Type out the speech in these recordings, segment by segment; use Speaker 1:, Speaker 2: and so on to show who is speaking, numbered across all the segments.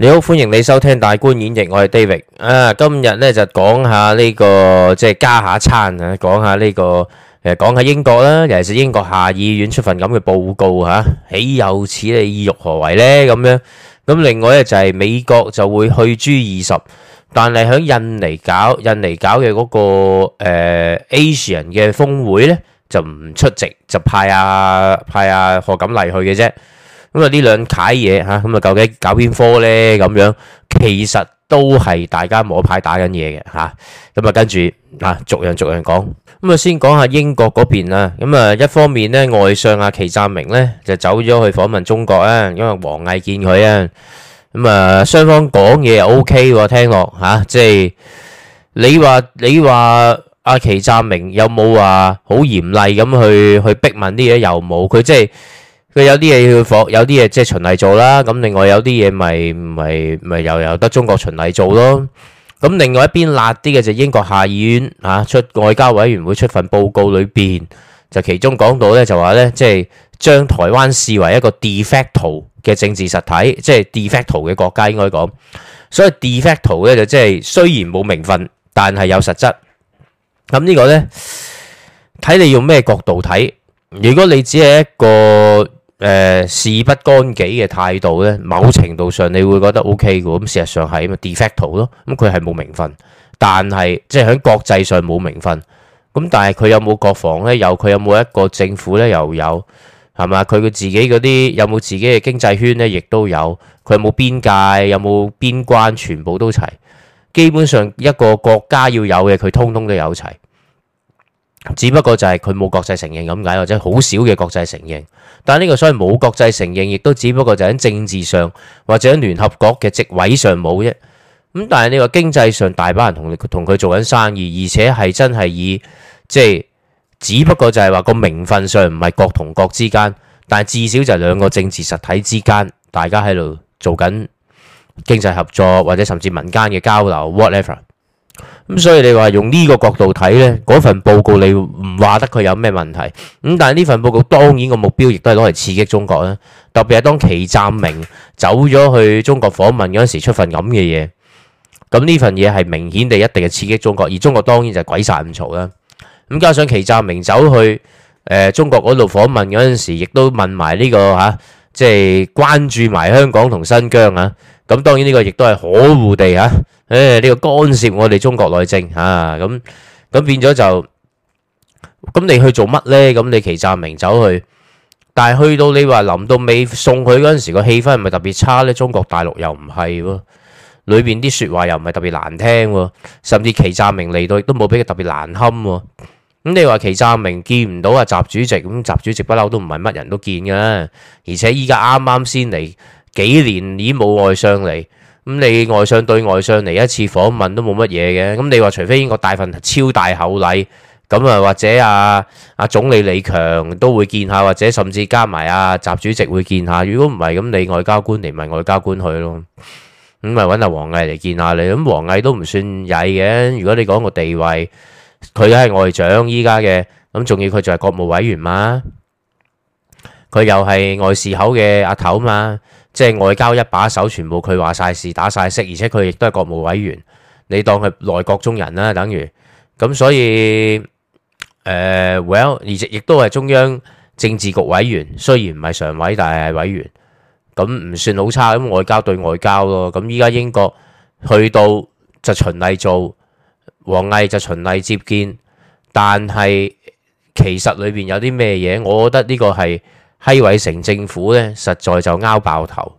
Speaker 1: 你好，歡迎你收聽大觀演繹，我係 David 啊，今日咧就講下呢個即係加下餐啊，講下呢個誒，講下英國啦，尤其是英國下議院出份咁嘅報告吓，豈有此理，意欲何為咧？咁樣咁，另外咧就係美國就會去 G 二十，但係喺印尼搞印尼搞嘅嗰個誒 Asian 嘅峰會咧，就唔出席，就派阿派阿賀錦麗去嘅啫。咁啊呢兩楷嘢吓，咁啊究竟搞邊科咧？咁樣其實都係大家摸牌打緊嘢嘅吓。咁啊跟住啊，逐樣逐樣講。咁啊先講下英國嗰邊啦。咁啊一方面咧，外相阿祁湛明咧就走咗去訪問中國咧，因為王毅見佢啊。咁啊雙方講嘢 O K 喎，聽落吓，即係你話你話阿祁湛明有冇話好嚴厲咁去去逼問啲嘢？又冇佢即係。佢有啲嘢要放，有啲嘢即係循例做啦。咁另外有啲嘢咪咪咪又由得中國循例做咯。咁另外一邊辣啲嘅就英國下議院嚇出外交委員會出份報告裏邊就其中講到咧，就話咧即係將台灣視為一個 de facto 嘅政治實體，即係 de facto 嘅國家應該講。所以 de facto 咧就即係雖然冇名分，但係有實質。咁呢個咧睇你用咩角度睇。如果你只係一個。誒、呃，事不干己嘅態度呢，某程度上你會覺得 O K 嘅，咁事實上係啊嘛，de facto 咯，咁佢係冇名分，但係即係喺國際上冇名分，咁但係佢有冇國防呢？有，佢有冇一個政府呢？又有係嘛，佢嘅自己嗰啲有冇自己嘅經濟圈呢？亦都有，佢有冇邊界？有冇邊關？全部都齊，基本上一個國家要有嘅，佢通通都有齊。只不過就係佢冇國際承認咁解，或者好少嘅國際承認。但係呢個所謂冇國際承認，亦都只不過就喺政治上或者喺聯合國嘅職位上冇啫。咁但係你話經濟上大把人同同佢做緊生意，而且係真係以即係、就是，只不過就係話個名份上唔係國同國之間，但係至少就係兩個政治實體之間，大家喺度做緊經濟合作或者甚至民間嘅交流，whatever。咁所以你話用呢個角度睇呢，嗰份報告你唔話得佢有咩問題，咁但係呢份報告當然個目標亦都係攞嚟刺激中國啦。特別係當祁湛明走咗去中國訪問嗰時，出份咁嘅嘢，咁呢份嘢係明顯地一定係刺激中國，而中國當然就鬼殺咁嘈啦。咁加上祁湛明走去誒中國嗰度訪問嗰陣時，亦都問埋呢、這個吓，即、啊、係、就是、關注埋香港同新疆啊。咁當然呢個亦都係可惡地嚇，誒呢、呢個干涉我哋中國內政嚇，咁、啊、咁變咗就，咁你去做乜呢？咁你祁湛明走去，但係去到你話臨到尾，送佢嗰陣時個氣氛係咪特別差呢？中國大陸又唔係喎，裏邊啲説話又唔係特別難聽喎、啊，甚至祁湛明嚟到亦都冇俾佢特別難堪喎、啊。咁你話祁湛明見唔到阿、啊、習主席，咁習主席不嬲都唔係乜人都見嘅，而且依家啱啱先嚟。幾年已冇外相嚟，咁你外相對外相嚟一次訪問都冇乜嘢嘅。咁你話除非英國帶份超大厚禮，咁啊或者阿阿總理李強都會見下，或者甚至加埋阿習主席會見下。如果唔係，咁你外交官嚟咪外交官去咯。咁咪揾阿王毅嚟見下你。咁王毅都唔算曳嘅。如果你講個地位，佢係外長依家嘅，咁仲要佢就係國務委員嘛，佢又係外事口嘅阿頭嘛。即係外交一把手，全部佢話晒事，打晒色，而且佢亦都係國務委員，你當佢內閣中人啦，等於咁，所以誒，呃，well，而亦都係中央政治局委員，雖然唔係常委，但係係委員，咁唔算好差。咁外交對外交咯，咁依家英國去到就循例做，王毅就循例接見，但係其實裏邊有啲咩嘢，我覺得呢個係。希偉城政府咧，實在就拗爆頭，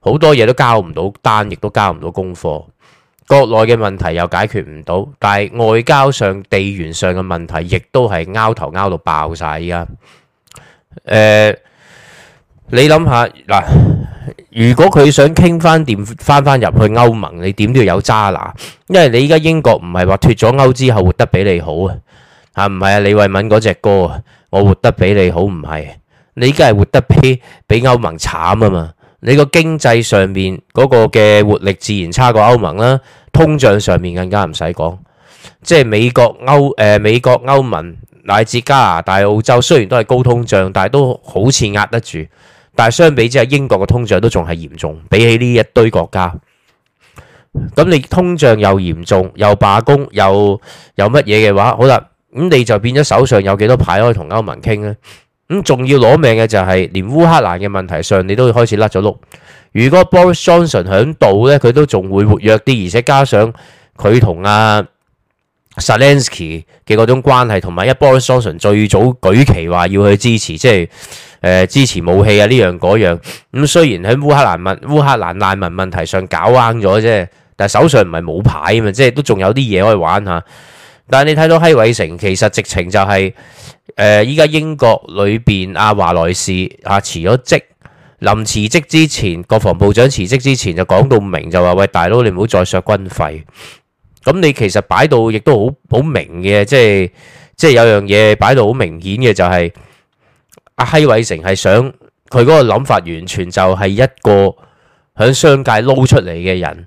Speaker 1: 好多嘢都交唔到單，亦都交唔到功課。國內嘅問題又解決唔到，但係外交上、地緣上嘅問題，亦都係拗頭拗到爆晒。依家誒，你諗下嗱，如果佢想傾翻掂，翻翻入去歐盟，你點都要有揸拿，因為你依家英國唔係話脫咗歐之後活得比你好啊吓，唔係啊，李慧敏嗰隻歌啊，我活得比你好，唔係。你依家係活得披比歐盟慘啊嘛！你個經濟上面嗰個嘅活力自然差過歐盟啦，通脹上面更加唔使講。即係美國歐誒、呃、美國歐盟乃至加拿大澳洲，雖然都係高通脹，但係都好似壓得住。但係相比之下，英國嘅通脹都仲係嚴重。比起呢一堆國家，咁你通脹又嚴重，又罷工，又又乜嘢嘅話，好啦，咁你就變咗手上有幾多牌可以同歐盟傾呢？咁仲、嗯、要攞命嘅就係，連烏克蘭嘅問題上你都開始甩咗轆。如果 Boris Johnson 響度呢，佢都仲會活躍啲，而且加上佢同阿 Zelensky 嘅嗰種關係，同埋一 Boris Johnson 最早舉旗話要去支持，即係誒、呃、支持武器啊呢樣嗰樣。咁、嗯、雖然喺烏克蘭民烏克蘭難民問題上搞歪咗啫，但手上唔係冇牌啊嘛，即係都仲有啲嘢可以玩下。但係你睇到希偉成，其實直情就係、是、誒，依、呃、家英國裏邊阿華萊士啊辭咗職，臨辭職之前，國防部長辭職之前就講到明，就話喂大佬你唔好再削軍費。咁你其實擺到亦都好好明嘅，即係即係有樣嘢擺到好明顯嘅就係阿希偉成係想佢嗰個諗法完全就係一個響商界撈出嚟嘅人。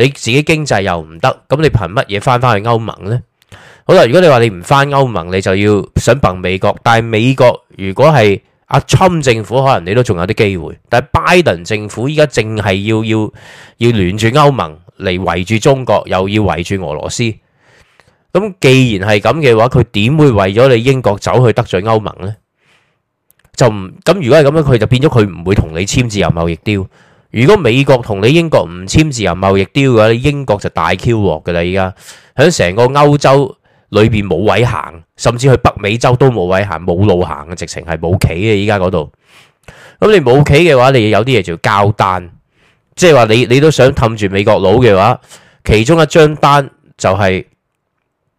Speaker 1: 你自己經濟又唔得，咁你憑乜嘢翻翻去歐盟呢？好啦，如果你話你唔翻歐盟，你就要想揼美國，但係美國如果係阿 Trump 政府，可能你都仲有啲機會。但係拜登政府依家淨係要要要聯住歐盟嚟圍住中國，又要圍住俄羅斯。咁既然係咁嘅話，佢點會為咗你英國走去得罪歐盟呢？就唔咁，如果係咁樣，佢就變咗佢唔會同你簽自由貿易 deal。如果美國同你英國唔簽自由貿易 deal 嘅話，英國就大 Q 鑊嘅啦。依家響成個歐洲裏邊冇位行，甚至去北美洲都冇位行，冇路行嘅，直情係冇企嘅。依家嗰度咁你冇企嘅話，你有啲嘢就要交單，即係話你你都想氹住美國佬嘅話，其中一張單就係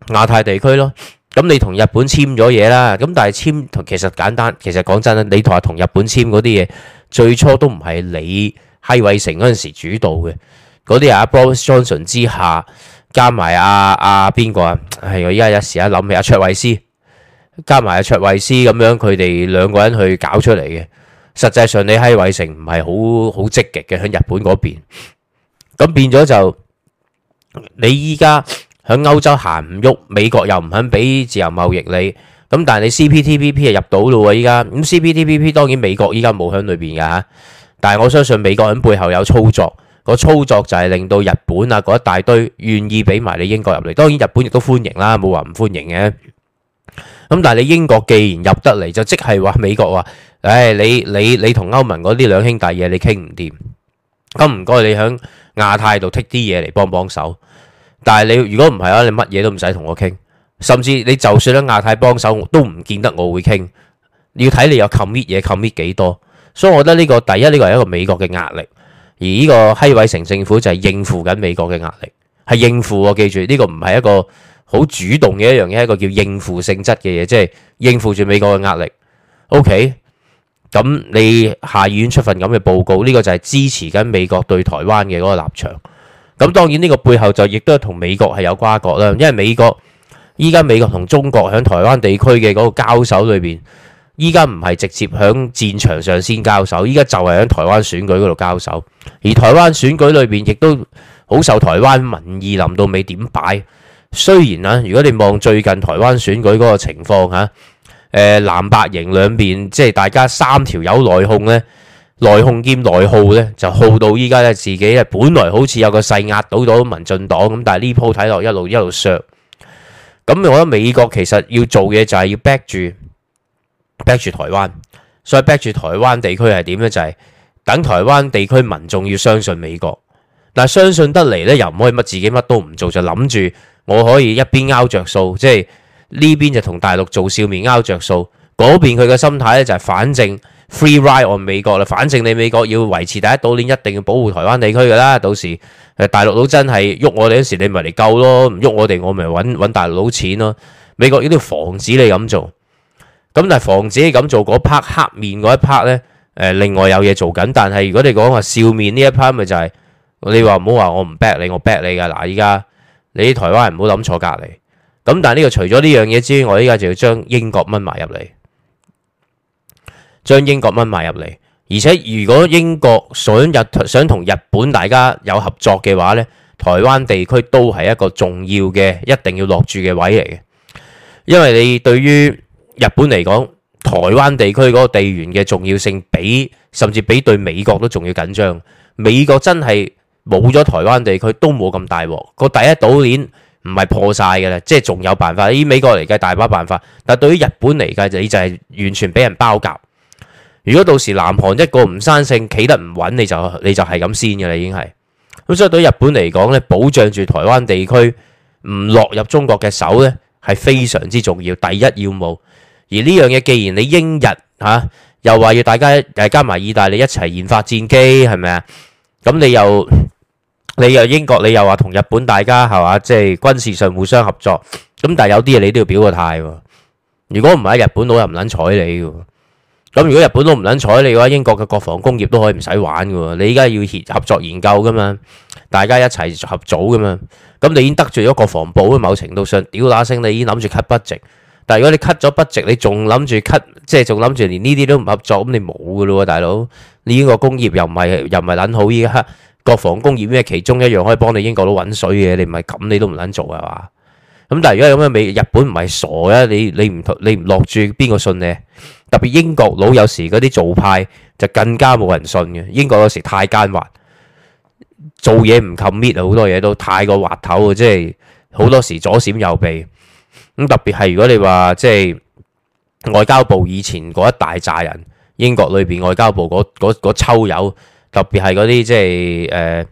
Speaker 1: 亞太地區咯。咁你同日本簽咗嘢啦，咁但係簽同其實簡單，其實講真啦，你同同日本簽嗰啲嘢，最初都唔係你。喺魏成嗰陣時主導嘅嗰啲人，阿 Boris Johnson 之下加埋阿阿邊個啊？係我依家有時一諗起阿、啊、卓慧思，加埋阿、啊、卓慧思咁樣佢哋兩個人去搞出嚟嘅。實際上你喺魏成唔係好好積極嘅喺日本嗰邊，咁變咗就你依家喺歐洲行唔喐，美國又唔肯俾自由貿易你，咁但係你 CPTPP 係入到咯喎依家，咁 CPTPP 當然美國依家冇喺裏邊嘅嚇。但係我相信美國喺背後有操作，個操作就係令到日本啊嗰一大堆願意俾埋你英國入嚟。當然日本亦都歡迎啦，冇話唔歡迎嘅。咁但係你英國既然入得嚟，就即係話美國話，唉，你你你同歐盟嗰啲兩兄弟嘢你傾唔掂，咁唔該你喺亞太度剔啲嘢嚟幫幫手。但係你如果唔係啊，你乜嘢都唔使同我傾，甚至你就算喺亞太幫手，都唔見得我會傾。要睇你有 commit 嘢 commit 幾多。所以，我覺得呢個第一，呢個係一個美國嘅壓力，而呢個辛偉誠政府就係應付緊美國嘅壓力，係應付。我記住，呢個唔係一個好主動嘅一樣嘢，一個叫應付性質嘅嘢，即係應付住美國嘅壓力。OK，咁你下院出份咁嘅報告，呢個就係支持緊美國對台灣嘅嗰個立場。咁當然呢個背後就亦都係同美國係有瓜葛啦，因為美國依家美國同中國喺台灣地區嘅嗰個交手裏邊。依家唔係直接響戰場上先交手，依家就係響台灣選舉嗰度交手，而台灣選舉裏邊亦都好受台灣民意臨到尾點擺。雖然啊，如果你望最近台灣選舉嗰個情況吓，誒、呃、藍白營兩邊即係大家三條友內訌咧，內訌兼內耗咧，就耗到依家咧自己咧本來好似有個勢壓倒咗民進黨咁，但係呢鋪睇落一路一路削，咁、嗯、我覺得美國其實要做嘢就係要 back 住。逼住台灣，所以逼住台灣地區係點咧？就係、是、等台灣地區民眾要相信美國。嗱，相信得嚟呢，又唔可以乜自己乜都唔做，就諗住我可以一邊拗着數，即係呢邊就同大陸做笑面拗着數。嗰邊佢嘅心態呢，就係反正 free ride on 美國啦，反正你美國要維持第一島鏈，一定要保護台灣地區噶啦。到時誒大陸佬真係喐我哋嗰時，你咪嚟救咯，唔喐我哋，我咪揾揾大陸佬攞錢咯。美國要要防止你咁做。咁但係防止你咁做嗰 part 黑面嗰一 part 咧，誒另外有嘢做緊。但係如果你講話笑面呢一 part 咪就係你話唔好話我唔 back 你，我 back 你㗎。嗱依家你啲台灣人唔好諗錯隔籬。咁但係呢個除咗呢樣嘢之外，依家就要將英國掹埋入嚟，將英國掹埋入嚟。而且如果英國想日想同日本大家有合作嘅話咧，台灣地區都係一個重要嘅一定要落住嘅位嚟嘅，因為你對於。日本嚟講，台灣地區嗰個地緣嘅重要性，比甚至比對美國都仲要緊張。美國真係冇咗台灣地區都冇咁大鑊。個第一島鏈唔係破曬嘅啦，即係仲有辦法。以美國嚟計大把辦法，但對於日本嚟計你就係完全俾人包夾。如果到時南韓一個唔生性企得唔穩，你就你就係咁先㗎啦，已經係。咁所以對日本嚟講咧，保障住台灣地區唔落入中國嘅手咧，係非常之重要，第一要務。而呢樣嘢，既然你英日嚇、啊、又話要大家誒加埋意大利一齊研發戰機係咪啊？咁你又你又英國你又話同日本大家係嘛？即係軍事上互相合作。咁但係有啲嘢你都要表個態喎、啊。如果唔係，日本佬又唔撚睬你喎。咁如果日本佬唔撚睬你嘅話，英國嘅國防工業都可以唔使玩嘅喎。你依家要協合作研究㗎嘛？大家一齊合組㗎嘛？咁你已經得罪咗國防部喺某程度上，屌打聲你已經諗住 cut budget。但，如果你 cut 咗 budget，你仲諗住 cut，即係仲諗住連呢啲都唔合作，咁你冇噶咯，大佬。你呢個工業又唔係又唔係捻好，依家國防工業咩？其中一樣可以幫你英國佬搵水嘅，你唔係咁，你都唔捻做係嘛？咁但係如果咁樣，美日本唔係傻啊？你你唔你唔落住邊個信你？特別英國佬有時嗰啲做派就更加冇人信嘅。英國有時太奸猾，做嘢唔 commit 啊，好多嘢都太過滑頭啊，即係好多時左閃右避。咁特別係如果你話即係外交部以前嗰一大揸人，英國裏邊外交部嗰抽友，特別係嗰啲即係誒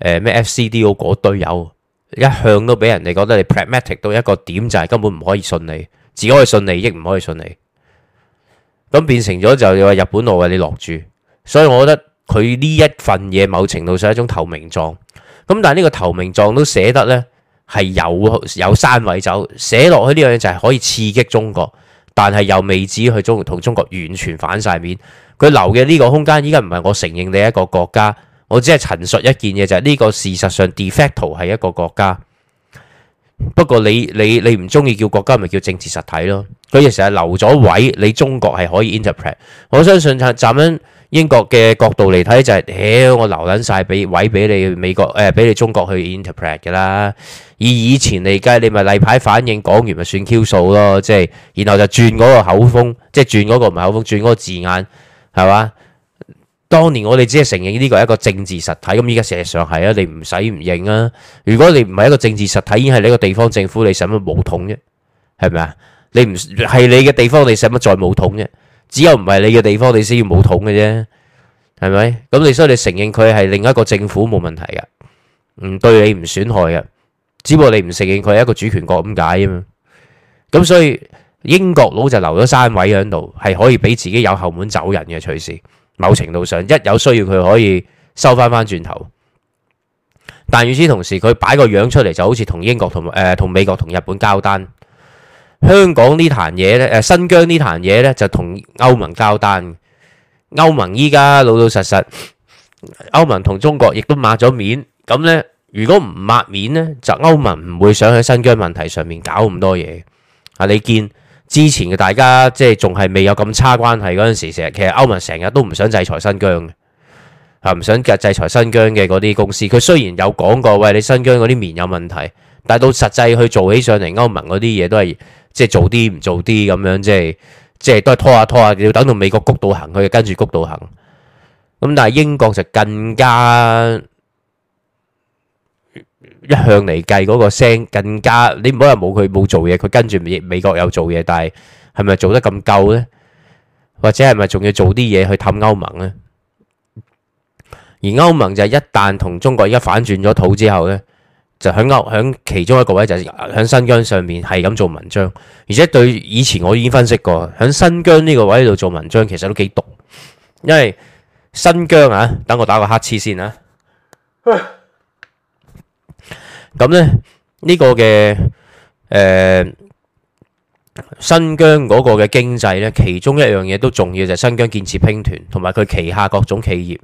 Speaker 1: 誒咩 FCDO 嗰堆友，一向都俾人哋覺得你 pragmatic 到一個點，就係根本唔可以信你，只可以信利益，唔可以信你。咁變成咗就話日本我話你落注，所以我覺得佢呢一份嘢某程度上係一種投名狀。咁但係呢個投名狀都寫得呢。係有有三位走寫落去呢樣嘢就係可以刺激中國，但係又未至於去中同中國完全反晒面。佢留嘅呢個空間依家唔係我承認你一個國家，我只係陳述一件嘢就係、是、呢個事實上 de facto 係一個國家。不過你你你唔中意叫國家咪叫政治實體咯。佢亦成日留咗位，你中國係可以 interpret。我相信站站喺英國嘅角度嚟睇就係、是，屌我留捻晒俾位俾你美國誒，俾、呃、你中國去 interpret 噶啦。以以前嚟計，你咪例牌反應講完咪算 Q 數咯，即係然後就轉嗰個口風，即係轉嗰個唔係口風，轉嗰個字眼，係嘛？當年我哋只係承認呢個係一個政治實體，咁依家事實上係啊，你唔使唔認啊。如果你唔係一個政治實體，已經係你一個地方政府，你使乜冇統啫？係咪啊？你唔係你嘅地方，你使乜再冇統啫？只有唔係你嘅地方你，你先要冇統嘅啫，係咪？咁你所以你承認佢係另一個政府冇問題嘅，唔對你唔損害嘅。只不過你唔承認佢係一個主權國咁解啊嘛，咁所以英國佬就留咗三位喺度，係可以俾自己有後門走人嘅隨時。某程度上，一有需要佢可以收翻翻轉頭。但與此同時，佢擺個樣出嚟，就好似同英國同誒同美國同日本交單。香港呢壇嘢咧，誒新疆呢壇嘢咧就同歐盟交單。歐盟依家老老實實，歐盟同中國亦都擘咗面，咁咧。如果唔抹面呢，就歐盟唔會想喺新疆問題上面搞咁多嘢。啊，你見之前嘅大家即係仲係未有咁差關係嗰陣時，成日其實歐盟成日都唔想制裁新疆嘅，啊唔想制裁新疆嘅嗰啲公司。佢雖然有講過，喂，你新疆嗰啲棉有問題，但係到實際去做起上嚟，歐盟嗰啲嘢都係即係做啲唔做啲咁樣，即係即係都係拖下拖下，要等到美國谷到行，佢就跟住谷到行。咁、嗯、但係英國就更加。一向嚟計嗰個聲更加，你唔好話冇佢冇做嘢，佢跟住美美國有做嘢，但係係咪做得咁夠呢？或者係咪仲要做啲嘢去氹歐盟呢？而歐盟就係一旦同中國而家反轉咗土之後呢，就喺歐喺其中一個位就喺新疆上面係咁做文章。而且對以前我已經分析過，喺新疆呢個位度做文章其實都幾毒，因為新疆啊，等我打個乞嗤先啊！咁咧呢、這個嘅誒、呃、新疆嗰個嘅經濟咧，其中一樣嘢都重要就係、是、新疆建設兵團同埋佢旗下各種企業。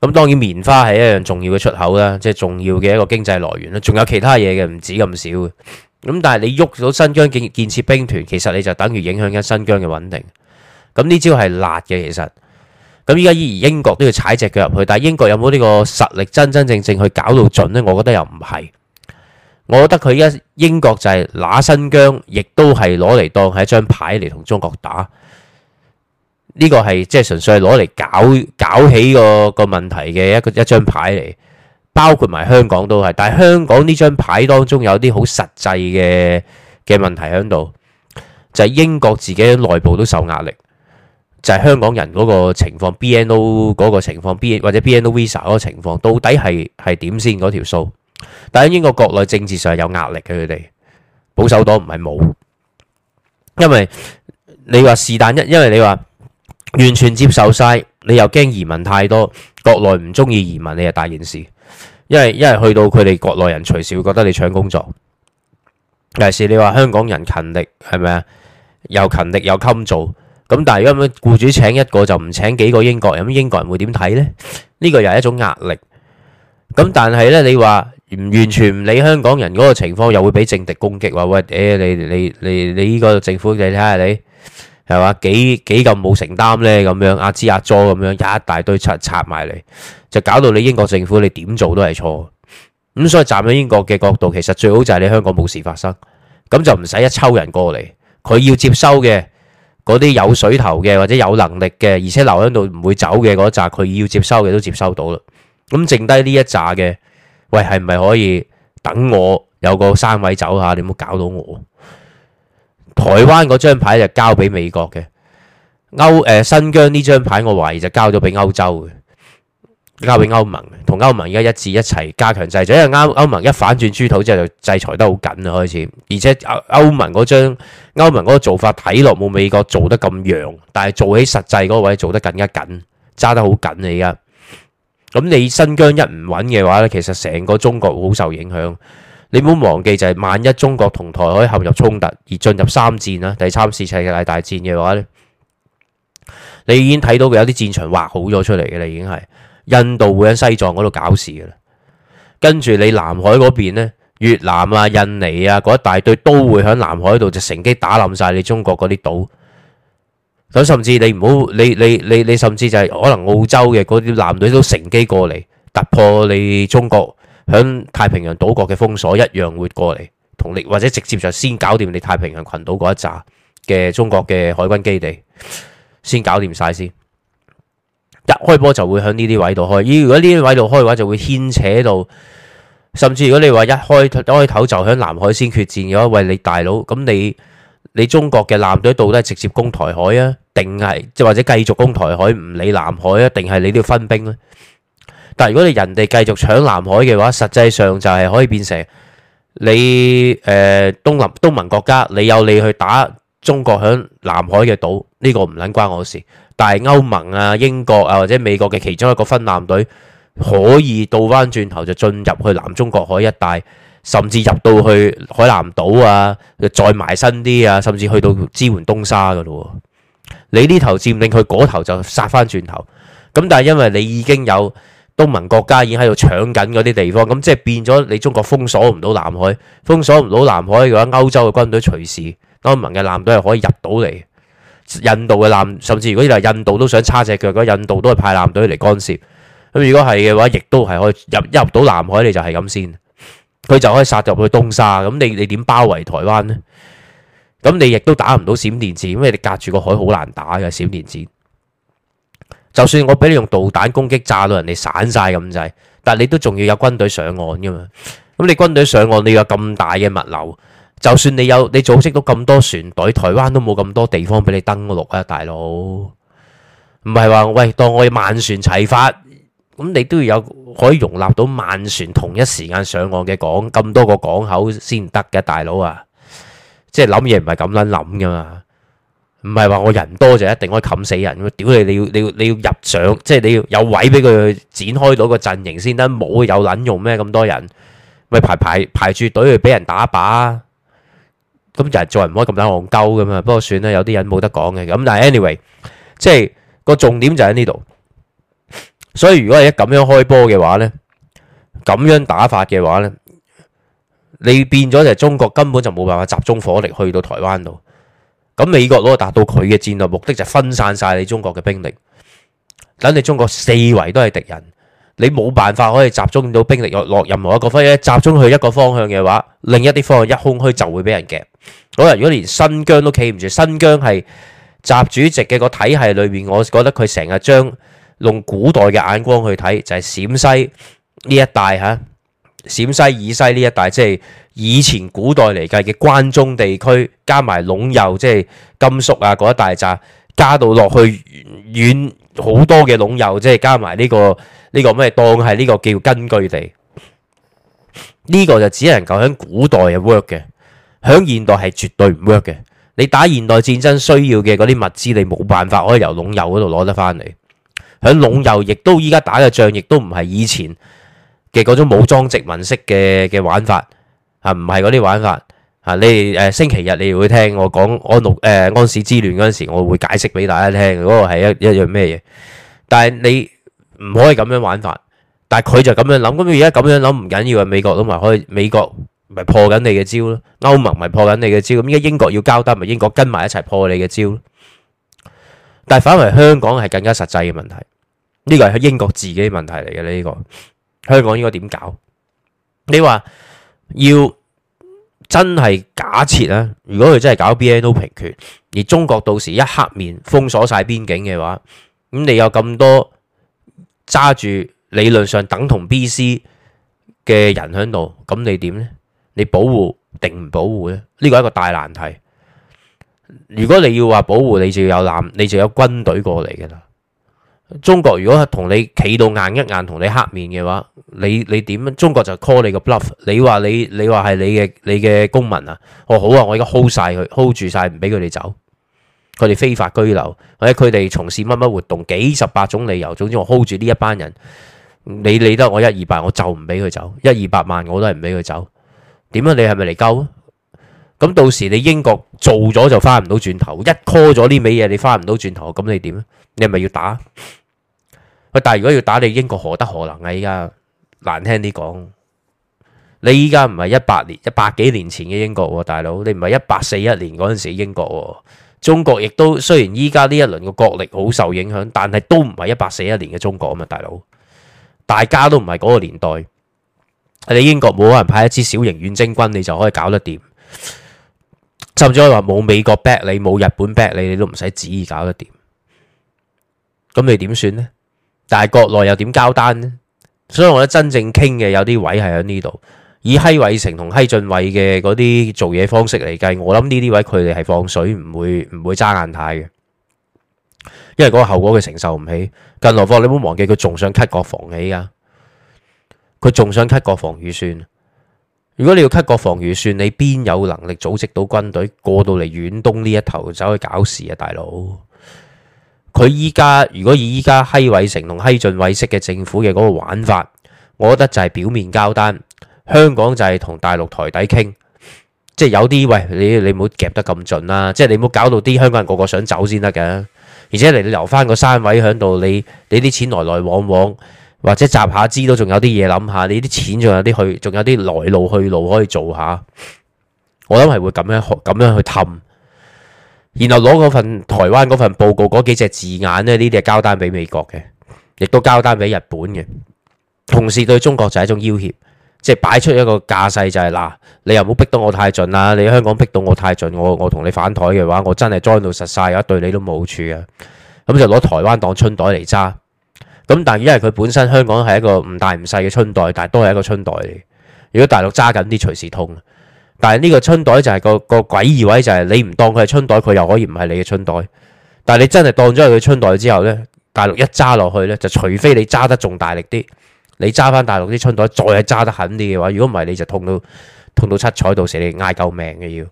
Speaker 1: 咁、嗯、當然棉花係一樣重要嘅出口啦，即係重要嘅一個經濟來源啦。仲有其他嘢嘅唔止咁少嘅。咁、嗯、但係你喐到新疆建建設兵團，其實你就等於影響緊新疆嘅穩定。咁、嗯、呢招係辣嘅，其實。咁依家依然英國都要踩隻腳入去，但係英國有冇呢個實力真真正正，正去搞到盡咧？我覺得又唔係。我覺得佢依家英國就係拿新疆，亦都係攞嚟當係一張牌嚟同中國打，呢個係即係純粹係攞嚟搞搞起個個問題嘅一個一張牌嚟，包括埋香港都係。但係香港呢張牌當中有啲好實際嘅嘅問題喺度，就係、是、英國自己內部都受壓力，就係、是、香港人嗰個情況，BNO 嗰個情況，BNO，或者 BNO Visa 嗰個情況，到底係係點先嗰條數？但係英國國內政治上係有壓力嘅，佢哋保守黨唔係冇，因為你話是但一，因為你話完全接受晒，你又驚移民太多，國內唔中意移民，你係大件事，因為因為去到佢哋國內人隨時會覺得你搶工作，尤其是你話香港人勤力係咪啊？又勤力又襟做，咁但係如果咁僱主請一個就唔請幾個英國人，英國人會點睇呢？呢個又係一種壓力。咁但係咧，你話。唔完全唔理香港人嗰個情況，又會俾政敵攻擊話喂，誒你你你你呢個政府，你睇下你係嘛，幾幾咁冇承擔呢？咁樣壓支壓助咁樣，厄厄厄樣一大堆七插埋嚟，就搞到你英國政府你點做都係錯。咁所以站喺英國嘅角度，其實最好就係你香港冇事發生，咁就唔使一抽人過嚟，佢要接收嘅嗰啲有水頭嘅或者有能力嘅，而且留喺度唔會走嘅嗰一扎，佢要接收嘅都接收到啦。咁剩低呢一扎嘅。喂，係咪可以等我有個三位走下？你唔好搞到我。台灣嗰張牌就交俾美國嘅，歐誒、呃、新疆呢張牌我懷疑就交咗俾歐洲嘅，交俾歐盟同歐盟而家一致一齊加強制裁，因為歐歐盟一反轉豬頭之後就制裁得好緊啦開始，而且歐，歐盟嗰張歐盟嗰個做法睇落冇美國做得咁樣，但係做起實際嗰位做得更加緊，揸得好緊嚟噶而家。咁你新疆一唔穩嘅話咧，其實成個中國會好受影響。你唔好忘記就係萬一中國同台海陷入衝突而進入三戰啦，第三次世界大戰嘅話咧，你已經睇到佢有啲戰場畫好咗出嚟嘅啦，已經係印度會喺西藏嗰度搞事嘅啦，跟住你南海嗰邊咧，越南啊、印尼啊嗰一大堆都會喺南海度就乘機打冧曬你中國嗰啲島。咁甚至你唔好你你你，你甚至就係可能澳洲嘅嗰啲艦隊都乘機過嚟突破你中國響太平洋島國嘅封鎖，一樣會過嚟同你，或者直接就先搞掂你太平洋群島嗰一紮嘅中國嘅海軍基地先搞掂晒先，一開波就會響呢啲位度開，如果呢啲位度開嘅話就會牽扯到甚至如果你話一開一開口就響南海先決戰，嘅話，喂你大佬咁你你中國嘅艦隊到底係直接攻台海啊？定係即係或者繼續攻台海，唔理南海啊？定係你要分兵咧？但係如果你人哋繼續搶南海嘅話，實際上就係可以變成你誒東南東盟國家，你有你去打中國響南海嘅島呢個唔撚關我事。但係歐盟啊、英國啊或者美國嘅其中一個分艦隊可以倒翻轉頭就進入去南中國海一帶，甚至入到去海南島啊，再埋身啲啊，甚至去到支援東沙噶咯。你呢頭佔領佢嗰頭就殺翻轉頭，咁但係因為你已經有東盟國家已經喺度搶緊嗰啲地方，咁即係變咗你中國封鎖唔到南海，封鎖唔到南海嘅話，歐洲嘅軍隊隨時歐盟嘅艦隊係可以入到嚟，印度嘅艦甚至如果你嚟印度都想叉隻腳印度都係派艦隊嚟干涉，咁如果係嘅話，亦都係可以入入到南海，你就係咁先，佢就可以殺入去東沙，咁你你點包圍台灣呢？咁你亦都打唔到閃電戰，因為你隔住個海好難打嘅閃電戰。就算我俾你用導彈攻擊炸到人哋散曬咁滯，但係你都仲要有軍隊上岸噶嘛？咁你軍隊上岸，你有咁大嘅物流，就算你有你組織到咁多船隊，台灣都冇咁多地方俾你登陸啊，大佬。唔係話喂，當我哋萬船齊發，咁你都要有可以容納到萬船同一時間上岸嘅港，咁多個港口先得嘅，大佬啊！即係諗嘢唔係咁捻諗噶嘛，唔係話我人多就一定可以冚死人。屌你，你要你要你要入上，即係你要有位俾佢展開到個陣營先得。冇有捻用咩？咁多人，咪排排排住隊去俾人打靶啊！咁就係做人唔可以咁捻戇鳩噶嘛。不過算啦，有啲人冇得講嘅。咁但係 anyway，即係個重點就喺呢度。所以如果係一咁樣開波嘅話咧，咁樣打法嘅話咧。你變咗就係中國根本就冇辦法集中火力去到台灣度，咁美國佬達到佢嘅戰略目的就分散曬你中國嘅兵力，等你中國四圍都係敵人，你冇辦法可以集中到兵力落落任何一個方，集中去一個方向嘅話，另一啲方向一空虛就會俾人夾。嗰日如果連新疆都企唔住，新疆係習主席嘅個體系裏面，我覺得佢成日將用古代嘅眼光去睇，就係陝西呢一帶嚇。陝西以西呢一帶，即係以前古代嚟計嘅關中地區，加埋隴右，即係甘肅啊，嗰一大扎，加到落去遠好多嘅隴右，即係加埋呢個呢個咩當係呢個叫根據地。呢個就只能夠喺古代啊 work 嘅，響現代係絕對唔 work 嘅。你打現代戰爭需要嘅嗰啲物資，你冇辦法可以由隴右嗰度攞得翻嚟。響隴右亦都依家打嘅仗，亦都唔係以前。嘅嗰種武裝殖民式嘅嘅玩法嚇，唔係嗰啲玩法嚇。你哋誒星期日你哋會聽我講安祿誒安史之亂嗰陣時，我會解釋俾大家聽嗰個係一一樣咩嘢。但係你唔可以咁樣玩法，但係佢就咁樣諗。咁你而家咁樣諗唔緊要啊！美國都咪可以，美國咪破緊你嘅招咯。歐盟咪破緊你嘅招。咁而家英國要交單，咪英國跟埋一齊破你嘅招咯。但係反為香港係更加實際嘅問題，呢個係喺英國自己問題嚟嘅呢個。香港應該點搞？你話要真係假設啊？如果佢真係搞 BNO 平權，而中國到時一黑面封鎖晒邊境嘅話，咁你有咁多揸住理論上等同 BC 嘅人喺度，咁你點呢？你保護定唔保護呢？呢個係一個大難題。如果你要話保護，你就要有艦，你就要有軍隊過嚟㗎啦。中國如果同你企到硬一硬，同你黑面嘅話，你你點啊？中國就 call 你個 bluff，你話你你話係你嘅你嘅公民啊？我好啊，我而家 hold 晒佢，hold 住晒唔俾佢哋走，佢哋非法居留，或者佢哋從事乜乜活動，幾十八種理由，總之我 hold 住呢一班人，你理得我一二百，我就唔俾佢走，一二百萬我都係唔俾佢走，點啊？你係咪嚟救？咁到時你英國做咗就翻唔到轉頭，一 call 咗呢味嘢，你翻唔到轉頭，咁你點？你係咪要打？喂，但係如果要打，你英國何德何能啊？而家。難聽啲講，你依家唔係一百年，一百幾年前嘅英國，大佬，你唔係一八四一年嗰陣時英國，中國亦都雖然依家呢一輪嘅國力好受影響，但係都唔係一八四一年嘅中國啊嘛，大佬，大家都唔係嗰個年代，你英國冇可能派一支小型遠征軍，你就可以搞得掂，甚至可以話冇美國 back 你，冇日本 back 你，你都唔使旨意搞得掂。咁你點算呢？但係國內又點交單呢？所以我覺得真正傾嘅有啲位係喺呢度，以辛偉誠同侯俊偉嘅嗰啲做嘢方式嚟計，我諗呢啲位佢哋係放水，唔會唔會揸硬太嘅，因為嗰個後果佢承受唔起。更何況你唔好忘記佢仲想 cut 國防起噶、啊，佢仲想 cut 國防預算。如果你要 cut 國防預算，你邊有能力組織到軍隊過到嚟遠東呢一頭走去搞事啊大佬？佢依家如果以依家辛偉誠同欺盡偉式嘅政府嘅嗰個玩法，我覺得就係表面交單，香港就係同大陸台底傾，即係有啲喂，你你唔好夾得咁盡啦，即係你唔好搞到啲香港人個個想走先得嘅，而且你留返個三位響度，你你啲錢來來往往，或者集下資都仲有啲嘢諗下，你啲錢仲有啲去，仲有啲來路去路可以做下，我諗係會咁樣咁樣去氹。然後攞嗰份台灣嗰份報告嗰幾隻字眼呢，呢啲係交單俾美國嘅，亦都交單俾日本嘅，同時對中國就係一種要挾，即係擺出一個架勢，就係、是，嗱，你又唔好逼到我太盡啦，你香港逼到我太盡，我我同你反台嘅話，我真係栽到實晒，又對你都冇好處嘅，咁就攞台灣當春袋嚟揸。咁但係因為佢本身香港係一個唔大唔細嘅春袋，但係都係一個春袋嚟，如果大陸揸緊啲，隨時痛。但係呢個春袋就係個個詭異位，就係你唔當佢係春袋，佢又可以唔係你嘅春袋。但係你真係當咗佢春袋之後呢，大陸一揸落去呢，就除非你揸得仲大力啲，你揸翻大陸啲春袋再係揸得狠啲嘅話，如果唔係你就痛到痛到七彩，到時你嗌救命嘅要。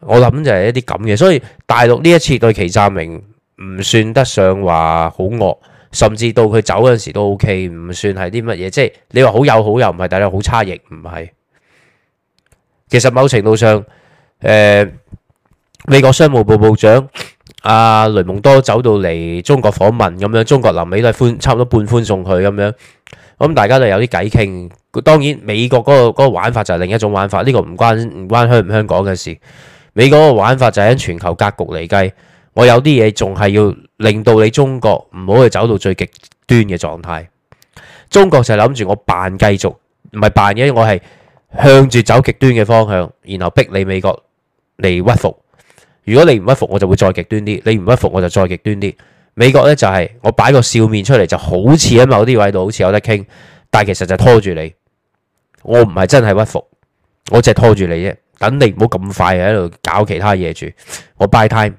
Speaker 1: 我諗就係一啲咁嘅，所以大陸呢一次對祁湛明唔算得上話好惡，甚至到佢走嗰陣時都 O K，唔算係啲乜嘢。即係你話好，好又好又唔係，但係好差亦唔係。其實某程度上，誒，美國商務部部長阿雷蒙多走到嚟中國訪問咁樣，中國臨尾都係歡，差唔多半歡送佢咁樣，咁大家就有啲偈傾。當然美國嗰個嗰個玩法就係另一種玩法，呢個唔關唔關香唔香港嘅事。美國嗰個玩法就係喺全球格局嚟計，我有啲嘢仲係要令到你中國唔好去走到最極端嘅狀態。中國就諗住我扮繼續，唔係扮嘅，我係。向住走極端嘅方向，然後逼你美國嚟屈服。如果你唔屈服，我就會再極端啲。你唔屈服，我就再極端啲。美國呢、就是，就係我擺個笑面出嚟，就好似喺某啲位度好似有得傾，但其實就拖住你。我唔係真係屈服，我只係拖住你啫，等你唔好咁快喺度搞其他嘢住。我 buy time，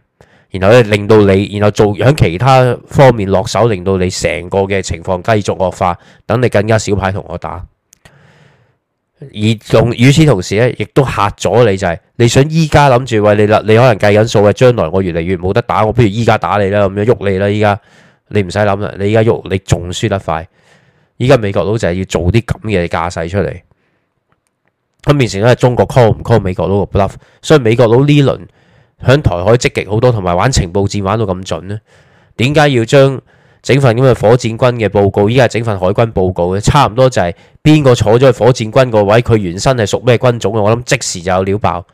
Speaker 1: 然後咧令到你，然後做喺其他方面落手，令到你成個嘅情況繼續惡化，等你更加少牌同我打。而同與此同時咧，亦都嚇咗你、就係，就係你想依家諗住餵你啦，你可能計緊數嘅將來，我越嚟越冇得打，我不如依家打你啦，咁樣喐你啦，依家你唔使諗啦，你依家喐你仲輸得快，依家美國佬就係要做啲咁嘅架勢出嚟，咁變成咧中國 call 唔 call 美國佬個 bluff，所以美國佬呢輪喺台海積極好多，同埋玩情報戰玩到咁準呢？點解要將整份咁嘅火箭軍嘅報告，依家整份海軍報告嘅，差唔多就係邊個坐咗去火箭軍個位，佢原身係屬咩軍種啊？我諗即時就有料爆，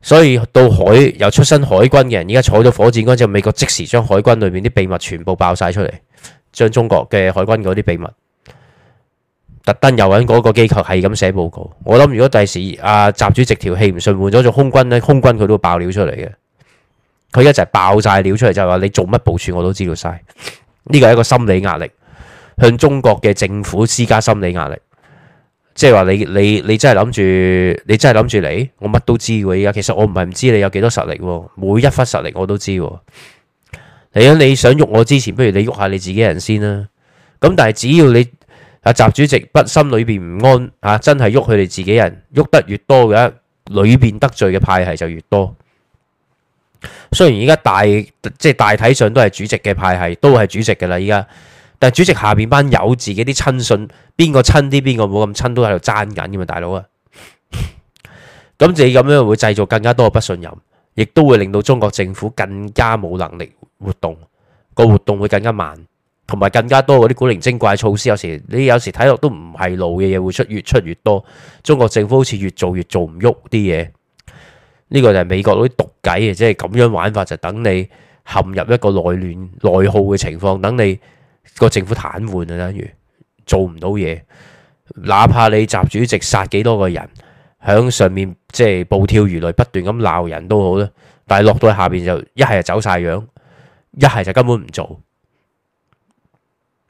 Speaker 1: 所以到海又出身海軍嘅人，依家坐咗火箭軍之後，美國即時將海軍裏面啲秘密全部爆晒出嚟，將中國嘅海軍嗰啲秘密特登又揾嗰個機構係咁寫報告。我諗如果第時阿、啊、習主席條氣唔順，換咗做空軍咧，空軍佢都會爆料出嚟嘅。佢一齊爆晒料出嚟，就係話你做乜部署，我都知道晒。呢個係一個心理壓力，向中國嘅政府施加心理壓力。即係話你你你真係諗住，你真係諗住嚟，我乜都知嘅。依家其實我唔係唔知你有幾多實力喎，每一忽實力我都知。嚟緊你想喐我之前，不如你喐下你自己人先啦。咁但係只要你阿習主席不心裏邊唔安，吓真係喐佢哋自己人，喐得越多嘅，裏邊得罪嘅派系就越多。雖然而家大即係、就是、大體上都係主席嘅派系，都係主席嘅啦，而家，但係主席下邊班有自己啲親信，邊個親啲，邊個冇咁親，親都喺度爭緊噶嘛，大佬啊！咁你咁樣會製造更加多嘅不信任，亦都會令到中國政府更加冇能力活動，個活動會更加慢，同埋更加多嗰啲古靈精怪措施，有時你有時睇落都唔係路嘅嘢，會出越出越多。中國政府好似越做越做唔喐啲嘢。呢個就係美國佬啲毒計啊，即係咁樣玩法就是、等你陷入一個內亂內耗嘅情況，等你、這個政府癱瘓啊，等於做唔到嘢。哪怕你習主席殺幾多個人，響上面即係暴跳如雷，不斷咁鬧人都好啦，但係落到下邊就一係就走晒樣，一係就根本唔做。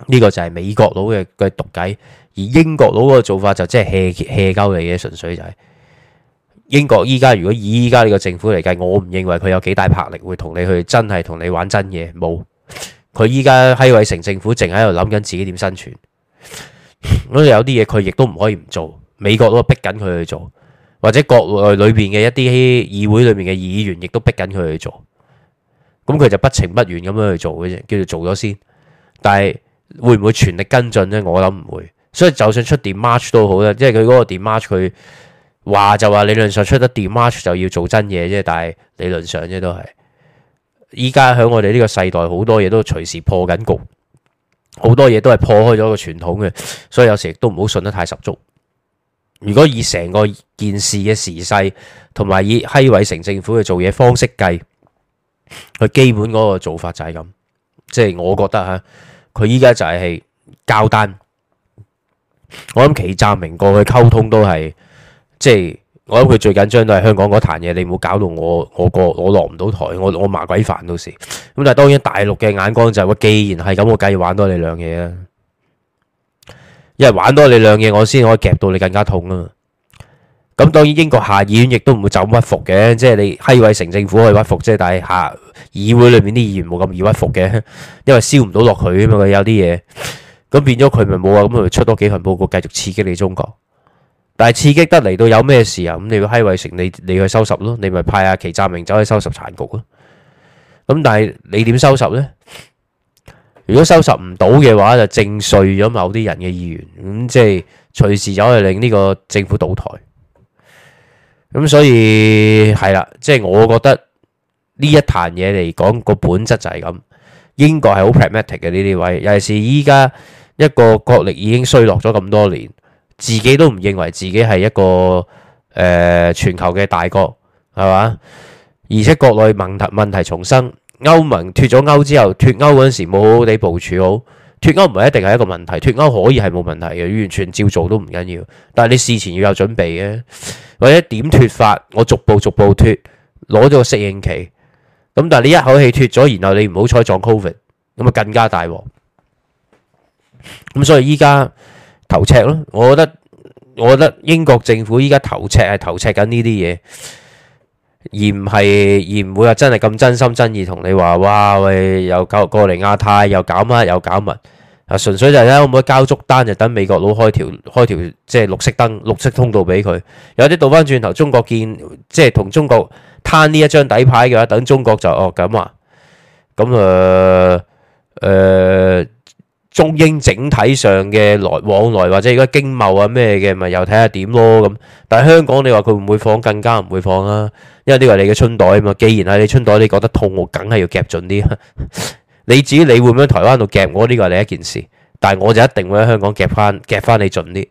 Speaker 1: 呢、這個就係美國佬嘅嘅毒計，而英國佬嘅做法就即係氣氣鳩你嘅，純粹就係、是。英國依家如果以依家呢個政府嚟計，我唔認為佢有幾大魄力會同你去真係同你玩真嘢。冇，佢依家辛偉誠政府淨喺度諗緊自己點生存。咁有啲嘢佢亦都唔可以唔做。美國都逼緊佢去做，或者國內裏邊嘅一啲議會裏面嘅議員亦都逼緊佢去做。咁佢就不情不願咁樣去做嘅啫，叫做做咗先。但係會唔會全力跟進呢？我諗唔會。所以就算出點 March 都好咧，因為佢嗰個點 March 佢。話就話理論上出得 démarche 就要做真嘢啫，但係理論上啫都係。依家喺我哋呢個世代，好多嘢都隨時破緊局，好多嘢都係破開咗個傳統嘅，所以有時亦都唔好信得太十足。如果以成個件事嘅時勢，同埋以希偉城政府嘅做嘢方式計，佢基本嗰個做法就係咁。即係我覺得吓，佢依家就係交單。我諗其站明過去溝通都係。即係我諗佢最緊張都係香港嗰壇嘢，你唔好搞到我我個我落唔到台，我我麻鬼煩到時。咁但係當然大陸嘅眼光就係、是，我既然係咁，我梗要玩多你兩嘢啊！因為玩多你兩嘢，我先可以夾到你更加痛啊！咁當然英國下議院亦都唔會走屈服嘅，即係你以為成政府可以屈服，即係但係下議會裏面啲議員冇咁易屈服嘅，因為燒唔到落去啊嘛，有啲嘢咁變咗佢咪冇啊？咁佢出多幾份報告繼續刺激你中國。但係刺激得嚟到有咩事啊？咁你要希位成你你去收拾咯，你咪派阿祈湛明走去收拾殘局咯。咁但係你點收拾呢？如果收拾唔到嘅話，就正碎咗某啲人嘅意願。咁即係隨時走去令呢個政府倒台。咁所以係啦，即係、就是、我覺得呢一壇嘢嚟講個本質就係咁。英國係好 pragmatic 嘅呢啲位，尤其是依家一個國力已經衰落咗咁多年。自己都唔認為自己係一個誒、呃、全球嘅大國，係嘛？而且國內問題問題叢生，歐盟脫咗歐之後，脫歐嗰陣時冇好好地部署好，脫歐唔係一定係一個問題，脫歐可以係冇問題嘅，完全照做都唔緊要。但係你事前要有準備嘅，或者點脫法？我逐步逐步脫，攞咗個適應期。咁但係你一口氣脫咗，然後你唔好彩撞 covid，咁啊更加大鑊。咁所以依家。頭赤咯，我覺得我覺得英國政府依家頭赤係頭赤緊呢啲嘢，而唔係而唔會話真係咁真心真意同你話，哇喂，又搞過嚟亞太又搞乜又搞乜？啊純粹就睇可唔可以交足單，就等美國佬開條開條即係綠色燈、綠色通道俾佢。有啲倒翻轉頭，中國見即係同中國攤呢一張底牌嘅話，等中國就哦咁話咁誒誒。中英整體上嘅來往來或者而家經貿啊咩嘅，咪又睇下點咯咁。但係香港你話佢唔會放，更加唔會放啦，啊。因為呢個係你嘅春袋啊嘛。既然係你春袋，你覺得痛，我梗係要夾盡啲。 你至於你會唔會喺台灣度夾我？呢個係你一件事。但係我就一定會喺香港夾翻，夾翻你盡啲。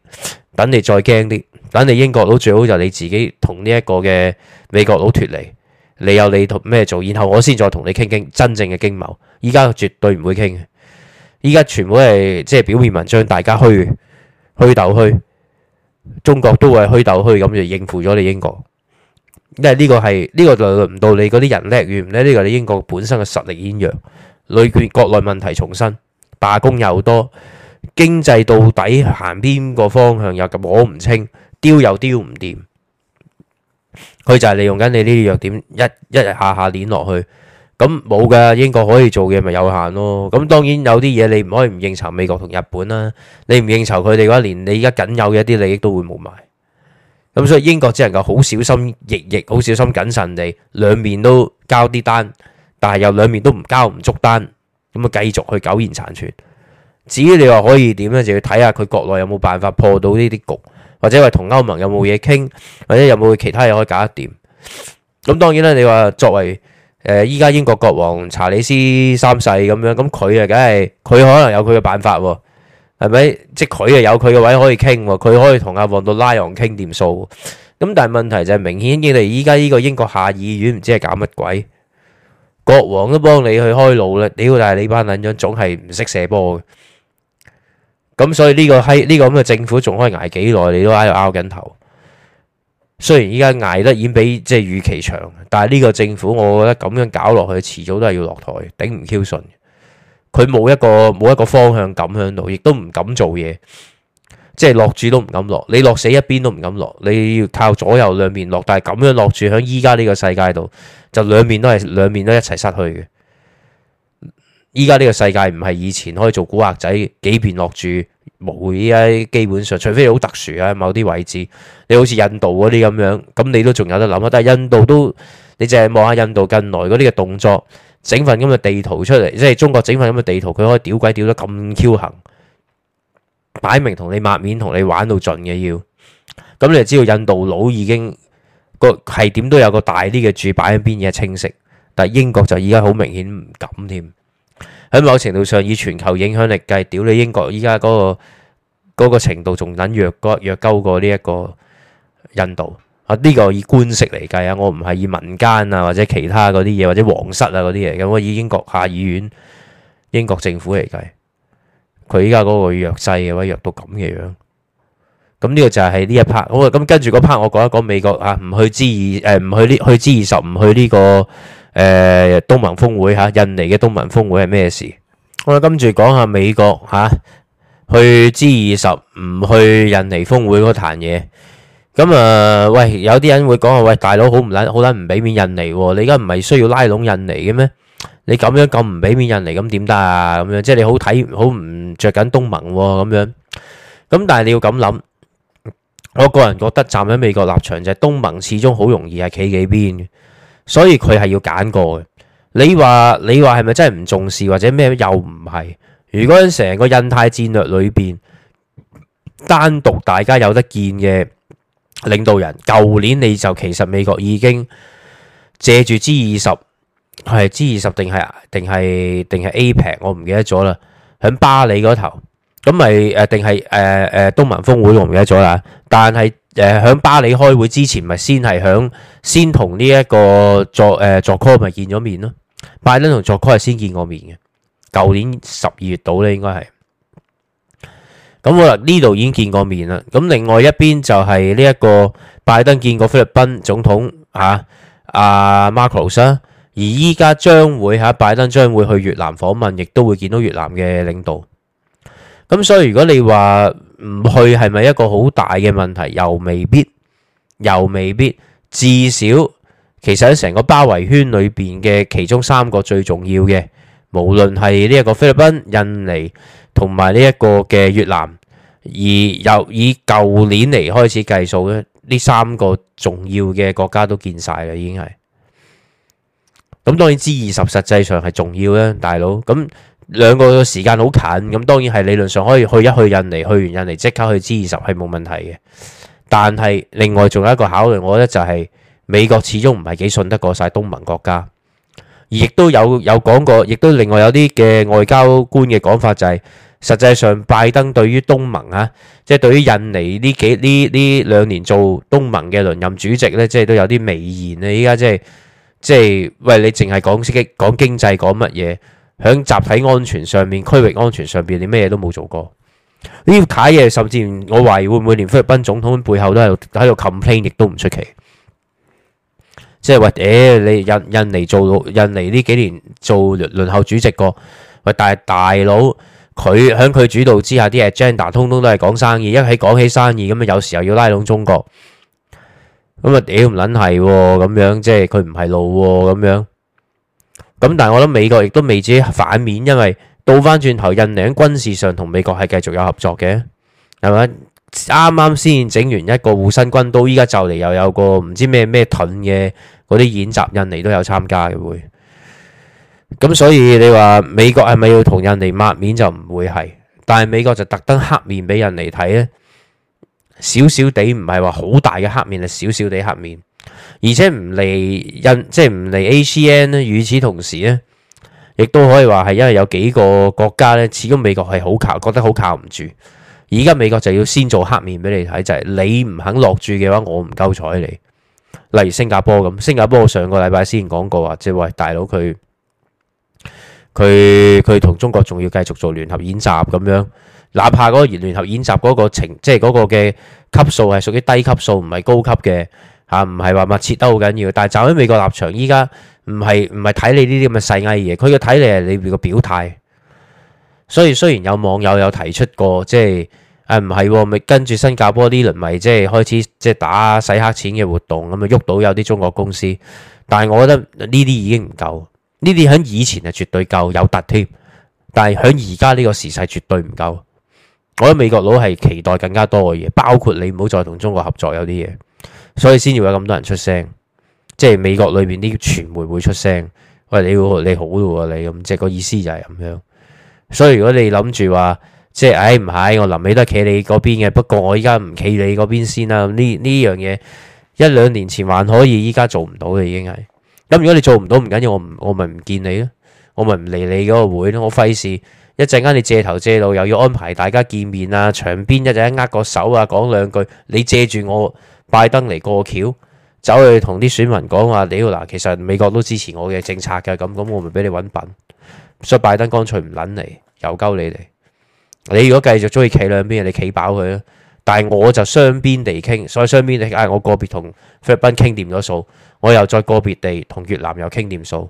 Speaker 1: 等你再驚啲，等你英國佬最好就你自己同呢一個嘅美國佬脫離，你有你同咩做，然後我先再同你傾傾真正嘅經貿。依家絕對唔會傾。依家全部係即係表面文章，大家虛虛鬥虛，中國都係虛鬥虛咁就應付咗你英國。因為呢個係呢個就輪唔到你嗰啲人叻，與唔叻呢個你英國本身嘅實力已經弱，內國內問題重新，罷工又多，經濟到底行邊個方向又咁摸唔清，丟又丟唔掂。佢就係利用緊你呢啲弱點，一一下下鏈落去。咁冇噶，英國可以做嘅咪有限咯。咁當然有啲嘢你唔可以唔應酬美國同日本啦、啊。你唔應酬佢哋嘅話，連你而家僅有嘅一啲利益都會冇埋。咁所以英國只能夠好小心翼翼、好小心謹慎地兩面都交啲單，但係又兩面都唔交唔足單。咁啊，繼續去苟延殘存。至於你話可以點咧，就要睇下佢國內有冇辦法破到呢啲局，或者話同歐盟有冇嘢傾，或者有冇其他嘢可以搞得掂。咁當然啦，你話作為。誒，依家英國國王查理斯三世咁樣，咁佢啊，梗係佢可能有佢嘅辦法，係咪？即係佢啊，有佢嘅位可以傾，佢可以同阿旺度拉昂傾掂數。咁但係問題就係明顯，你哋依家呢個英國下議院唔知係搞乜鬼，國王都幫你去開路啦。屌，但係你班撚樣總係唔識射波嘅，咁所以呢個嘿呢個咁嘅政府仲可以挨幾耐？你都喺度拗緊頭。雖然依家捱得已經比即係預期長，但係呢個政府我覺得咁樣搞落去，遲早都係要落台，頂唔 Q 順。佢冇一個冇一個方向感響度，亦都唔敢做嘢，即係落注都唔敢落，你落死一邊都唔敢落，你要靠左右兩面落，但係咁樣落注響依家呢個世界度，就兩面都係兩面都一齊失去嘅。依家呢個世界唔係以前可以做古惑仔，幾片落住冇依家基本上，除非好特殊啊，某啲位置你好似印度嗰啲咁樣，咁你都仲有得諗啊。但係印度都你淨係望下印度近來嗰啲嘅動作，整份咁嘅地圖出嚟，即係中國整份咁嘅地圖，佢可以屌鬼屌得咁 Q 行，擺明同你抹面，同你玩到盡嘅要咁，你就知道印度佬已經個係點都有個大啲嘅住擺喺邊嘅清晰，但係英國就依家好明顯唔敢添。喺某程度上，以全球影響力計，屌你英國依家嗰個程度仲等弱弱鳩過呢一個印度啊！呢、呢個以官式嚟計啊，我唔係以民間啊或者其他嗰啲嘢，或者皇室啊嗰啲嘢咁，我以英國下議院、英國政府嚟計，佢依家嗰個弱勢嘅話弱到咁嘅樣，樣，咁呢個就係呢一 part。好，咁跟住嗰 part 我講一講美國啊，唔去之二，誒、啊、唔去呢，去之二十，唔去呢、呢個。誒，東盟峰會吓，印尼嘅東盟峰會係咩事？好啦，跟住講下美國吓，去 G 二十唔去印尼峰會嗰壇嘢。咁誒，喂，有啲人會講啊，喂，大佬好唔捻，好捻唔俾面印尼，你而家唔係需要拉攏印尼嘅咩？你咁樣咁唔俾面印尼，咁點得啊？咁樣即係你好睇好唔着緊東盟喎，咁樣。咁但係你要咁諗，我個人覺得站喺美國立場就係東盟始終好容易係企幾邊。所以佢係要揀過嘅。你話你話係咪真係唔重視或者咩？又唔係？如果成個印太戰略裏邊，單獨大家有得見嘅領導人，舊年你就其實美國已經借住 G 二十，係 G 二十定係定係定係 APEC，我唔記得咗啦。響巴黎嗰頭，咁咪誒？定係誒誒？東盟峰會我唔記得咗啦。但係。誒，喺巴黎開會之前，咪先係響先同呢一個作誒佐科咪見咗面咯。拜登同佐科係先見過面嘅，舊年十二月到咧應該係。咁好啦，呢度已經見過面啦。咁另外一邊就係呢一個拜登見過菲律賓總統吓阿 m a 馬可羅斯啦。啊啊、Marcos，而依家將會吓拜登將會去越南訪問，亦都會見到越南嘅領導。咁所以如果你話，唔去係咪一個好大嘅問題？又未必，又未必。至少其實喺成個包圍圈裏邊嘅其中三個最重要嘅，無論係呢一個菲律賓、印尼同埋呢一個嘅越南，而又以舊年嚟開始計數咧，呢三個重要嘅國家都見晒啦，已經係。咁當然 G20，實際上係重要啦，大佬咁。兩個時間好近，咁當然係理論上可以去一去印尼，去完印尼即刻去支二十係冇問題嘅。但係另外仲有一個考慮，我覺得就係美國始終唔係幾信得過晒東盟國家，而亦都有有講過，亦都另外有啲嘅外交官嘅講法就係，實際上拜登對於東盟啊，即係對於印尼呢幾呢呢兩年做東盟嘅輪任主席呢，即係都有啲微言啊！依家即係即係喂，你淨係講經濟講經濟講乜嘢？喺集體安全上面，區域安全上面，你咩嘢都冇做過，呢啲太嘢甚至我懷疑會唔會連菲律賓總統背後都喺度喺度 complain，亦都唔出奇。即係話，誒、欸，你印印尼做到印尼呢幾年做輪輪候主席個，喂，但係大佬佢喺佢主導之下啲 agenda 通通都係講生意，一係講起生意咁啊，有時候又要拉攏中國，咁啊，屌唔撚係咁樣，即係佢唔係路咁樣。咁但係我諗美國亦都未至於反面，因為倒翻轉頭印尼喺軍事上同美國係繼續有合作嘅，係咪？啱啱先整完一個護身軍刀，依家就嚟又有個唔知咩咩盾嘅嗰啲演習，印尼都有參加嘅會。咁所以你話美國係咪要同印尼抹面就唔會係？但係美國就特登黑面俾印尼睇咧，少少地唔係話好大嘅黑面，係少少地黑面。而且唔嚟印，即係唔嚟 ACN 咧。與此同時咧，亦都可以話係因為有幾個國家咧，始終美國係好靠，覺得好靠唔住。而家美國就要先做黑面俾你睇，就係、是、你唔肯落注嘅話，我唔夠彩你。例如新加坡咁，新加坡我上個禮拜先講過話，即、就、係、是、喂，大佬佢佢佢同中國仲要繼續做聯合演習咁樣，哪怕嗰個聯合演習嗰、那個情，即係嗰個嘅級數係屬於低級數，唔係高級嘅。吓，唔係話密切得好緊要，但係站喺美國立場，依家唔係唔係睇你呢啲咁嘅細藝嘢，佢嘅睇你係你個表態。所以雖然有網友有提出過，即係誒唔係咪跟住新加坡啲輪咪即係開始即係打洗黑錢嘅活動咁啊，喐、嗯、到有啲中國公司，但係我覺得呢啲已經唔夠，呢啲喺以前係絕對夠有突添，但係喺而家呢個時勢絕對唔夠。我覺得美國佬係期待更加多嘅嘢，包括你唔好再同中國合作有啲嘢。所以先要有咁多人出聲，即係美國裏面啲傳媒會出聲。喂，你喎你好喎、啊，你咁即係個意思就係咁樣。所以如果你諗住話，即係唉唔係，我臨尾都係企你嗰邊嘅，不過我依家唔企你嗰邊先啦。呢呢樣嘢一兩年前還可以，依家做唔到嘅已經係咁。如果你做唔到唔緊要，我唔我咪唔見你咯，我咪唔理你嗰個會咯，我費事一陣間你借頭借路又要安排大家見面啊，場邊一陣間握個手啊，講兩句你借住我。拜登嚟過橋，走去同啲選民講話，屌嗱，其實美國都支持我嘅政策嘅，咁咁我咪俾你揾笨，所以拜登乾脆唔撚嚟，又鳩你哋。你如果繼續中意企兩邊，你企飽佢啦。但係我就雙邊地傾，所以雙邊你，唉、哎，我個別同菲律賓傾掂咗數，我又再個別地同越南又傾掂數。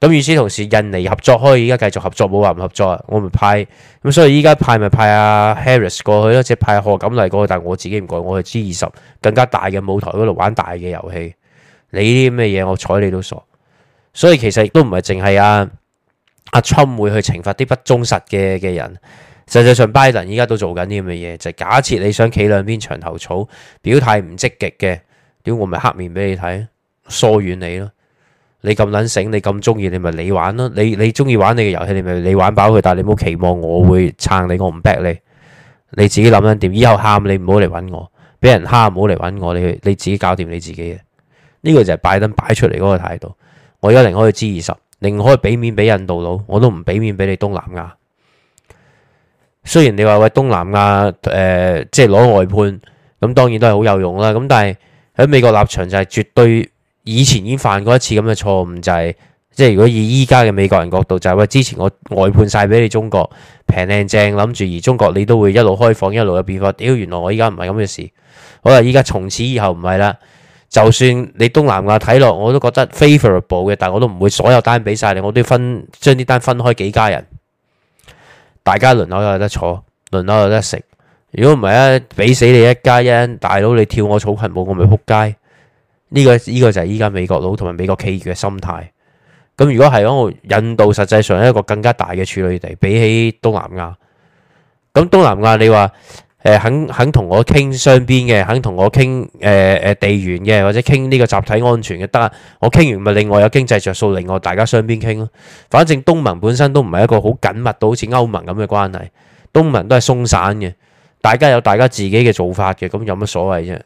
Speaker 1: 咁與此同時，印尼合作可以而家繼續合作，冇話唔合作啊！我咪派咁，所以依家派咪派阿、啊、Harris 過去咯，即係派賀、啊、錦麗過去。但係我自己唔過去，我去 G20 更加大嘅舞台嗰度玩大嘅遊戲。你啲咁嘅嘢，我睬你都傻。所以其實亦都唔係淨係阿阿 Trump 會去懲罰啲不忠實嘅嘅人。實際上，拜登依家都在做緊啲咁嘅嘢，就係、是、假設你想企兩邊長頭草，表態唔積極嘅，屌我咪黑面俾你睇，疏遠你咯。你咁撚醒，你咁中意，你咪你玩咯。你你中意玩你嘅遊戲，你咪你玩飽佢。但係你冇期望我會撐你，我唔逼你。你自己諗一諗點。以後喊你唔好嚟搵我，俾人蝦唔好嚟搵我，你你自己搞掂你自己嘅。呢、這個就係拜登擺出嚟嗰個態度。我一定可以 G20，寧可俾面俾印度佬，我都唔俾面俾你東南亞。雖然你話喂東南亞誒，即係攞外判，咁當然都係好有用啦。咁但係喺美國立場就係絕對。以前已經犯過一次咁嘅錯誤，就係即係如果以依家嘅美國人角度，就係、是、話之前我外判晒俾你中國平靚正，正，諗住而中國你都會一路開放，一路有變化。屌、哎，原來我依家唔係咁嘅事。好啦，依家從此以後唔係啦。就算你東南亞睇落，我都覺得 favorable 嘅，但係我都唔會所有單俾晒你，我都要分將啲單分開幾家人，大家輪流有得坐，輪流有得食。如果唔係啊，俾死你一家，一家，一家大佬你跳我草裙舞，我咪仆街。呢個呢個就係依家美國佬同埋美國企業嘅心態。咁如果係講印度，實際上一個更加大嘅處女地，比起東南亞。咁東南亞你話誒肯肯同我傾雙邊嘅，肯同我傾誒誒地緣嘅，或者傾呢個集體安全嘅得。我傾完咪另外有經濟着數，另外大家雙邊傾咯。反正東盟本身都唔係一個好緊密到好似歐盟咁嘅關係，東盟都係鬆散嘅，大家有大家自己嘅做法嘅，咁有乜所謂啫？